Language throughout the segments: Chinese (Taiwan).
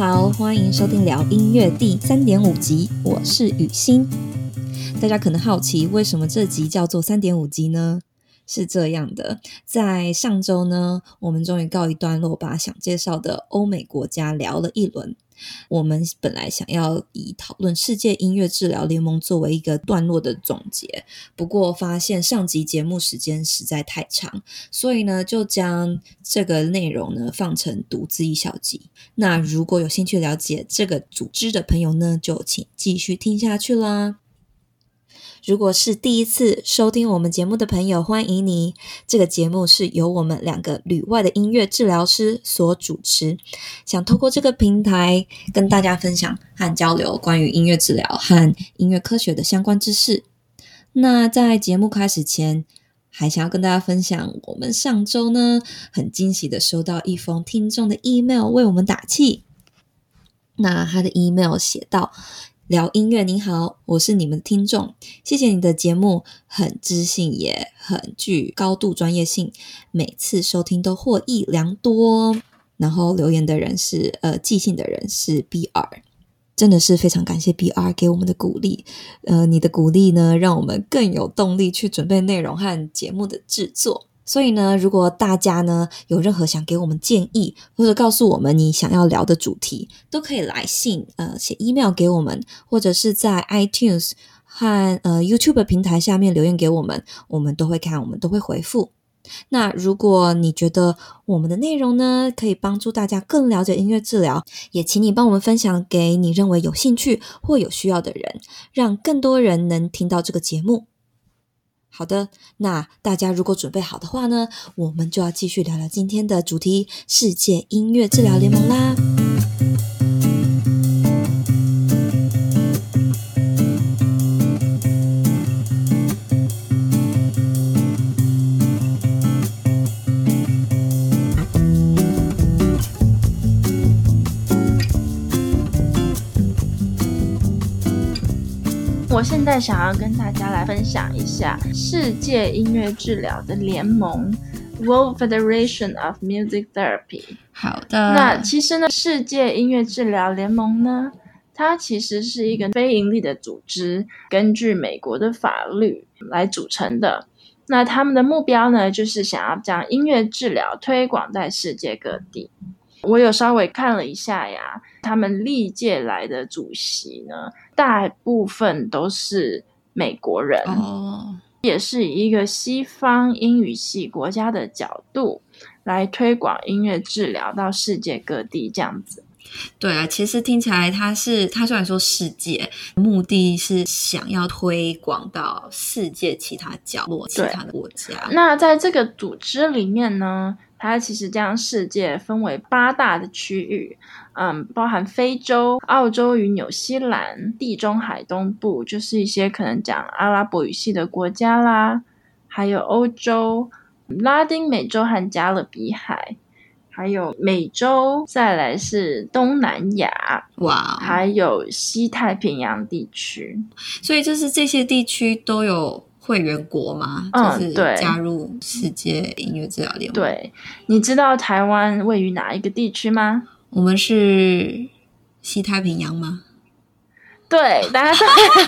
好，歡迎收聽療音樂第三點五集，我是雨欣。大家可能好奇，為什麼這集叫做三點五集呢？是這樣的，在上周呢，我們終於告一段落把想介紹的歐美國家聊了一輪。我們本來想要以討論世界音樂治療聯盟作為一個段落的總結，不過發現上集節目時間實在太長，所以呢，就將這個內容呢放成獨自一小集。那如果有興趣了解這個組織的朋友呢，就請繼續聽下去啦。如果是第一次收聽我們節目的朋友，歡迎你！這個節目是由我們兩個旅外的音樂治療師所主持，想透過這個平台跟大家分享和交流關於音樂治療和音樂科學的相關知識。那在節目開始前，還想要跟大家分享，我們上周呢很驚喜的收到一封聽眾的 email 為我們打氣。那他的 email 寫道：療音樂，您好，我是你們的聽眾，謝謝你的節目，很知性也，也很具高度專業性，每次收聽都獲益良多。然後留言的人是呃，寄信的人是 B R，真的是非常感謝 B R 給我們的鼓勵，呃，你的鼓勵呢，讓我們更有動力去準備內容和節目的製作。所以呢，如果大家呢有任何想給我們建議，或者告訴我們你想要聊的主題，都可以來信呃寫 email 給我們，或者是在 iTunes 和呃 YouTube 平台下面留言給我們，我們都會看，我們都會回復。那如果你覺得我們的內容呢可以幫助大家更了解音樂治療，也請你幫我們分享給你認為有興趣或有需要的人，讓更多人能聽到這個節目。好的，那大家如果準備好的話呢，我們就要繼續聊聊今天的主題——世界音樂治療聯盟啦。我現在想要跟大家來分享一下世界音樂治療的聯盟 （World Federation of Music Therapy）。好的。那其實呢，世界音樂治療聯盟呢，它其實是一個非營利的組織，根據美國的法律來組成的。那他們的目標呢，就是想要將音樂治療推廣在世界各地。我有稍微看了一下呀，他們歷屆來的主席呢，大部分都是美國人，oh. 也是以一個西方英語系國家的角度來推廣音樂治療到世界各地這樣子。對啊，其實聽起來它是，它雖然說世界，目的是想要推廣到世界其他角落，對其他的國家。那在這個組織裡面呢，它其實將世界分為八大的區域，嗯，包含非洲、澳洲與紐西蘭、地中海東部，就是一些可能講阿拉伯語系的國家啦，還有歐洲、拉丁美洲和加勒比海。還有美洲，再來是東南亞，哇 Wow，還有西太平洋地區，所以就是這些地區都有會員國嗎？嗯，就是加入世界音樂治療聯盟。對，你知道台灣位於哪一個地區嗎？我們是西太平洋嗎？對，大家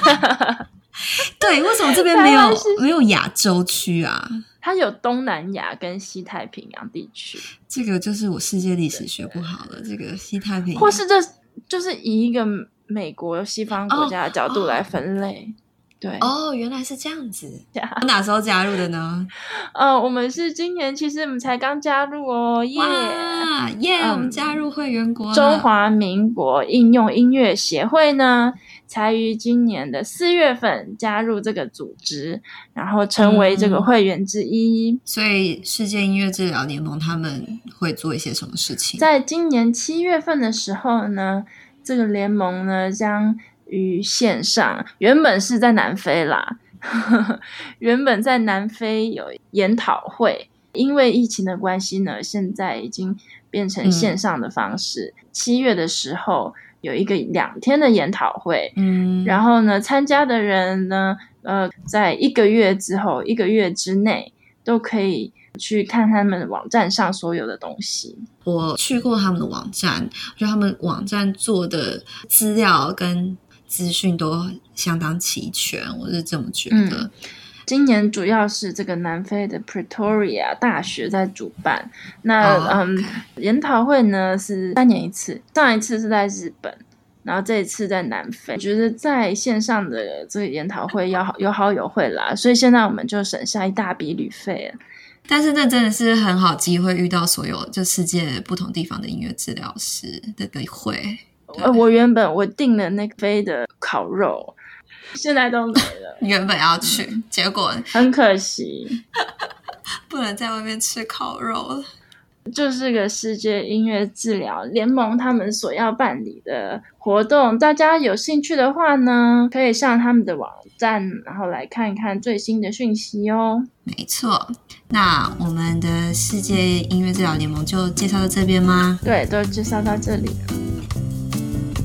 對，為什麼這邊沒有沒有亞洲區啊？它有東南亞跟西太平洋地區，這個就是我世界歷史學不好了。對這個西太平洋，或是這就是以一個美國西方國家的角度來分類。Oh, oh. 對哦，原來是這樣子。這樣。我哪時候加入的呢？呃，我們是今年，其實我們才剛加入哦。耶哇耶，嗯、yeah, 我們加入會員國中華民國應用音樂協會呢，才於今年的四月份加入這個組織，然後成為這個會員之一。嗯、所以，世界音樂治療聯盟他們會做一些什麼事情？在今年七月份的時候呢，這個聯盟呢將。於線上，原本是在南非啦，呵呵，原本在南非有研討會，因為疫情的關係呢，現在已經變成線上的方式。嗯，七月的時候有一個兩天的研討會，嗯，然後呢，參加的人呢，呃，在一個月之後，一個月之內都可以去看他們網站上所有的東西。我去過他們的網站，就他們網站做的資料跟。資訊都相當齊全，我是這麼覺得。嗯，今年主要是這個南非的 Pretoria 大學在主辦。那，oh, okay. 嗯，研討會呢是三年一次，上一次是在日本，然後這一次在南非。我覺得在線上的這個研討會要有好有壞啦，所以現在我們就省下一大筆旅費了。但是這真的是很好機會，遇到所有就世界不同地方的音樂治療師的機會。呃對、哦，我原本我訂了那個飛的烤肉，現在都沒了。 原本要去，嗯、結果很可惜， 不能在外面吃烤肉了。就是個世界音樂治療聯盟他們所要辦理的活動，大家有興趣的話呢，可以上他們的網站，然後來看一看最新的訊息哦。沒錯，那我們的世界音樂治療聯盟就介紹到這邊嗎？對，都介紹到這裡。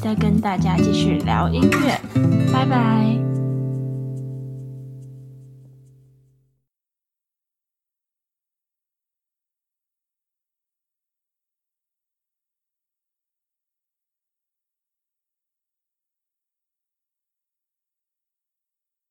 再跟大家繼續聊音樂，拜拜。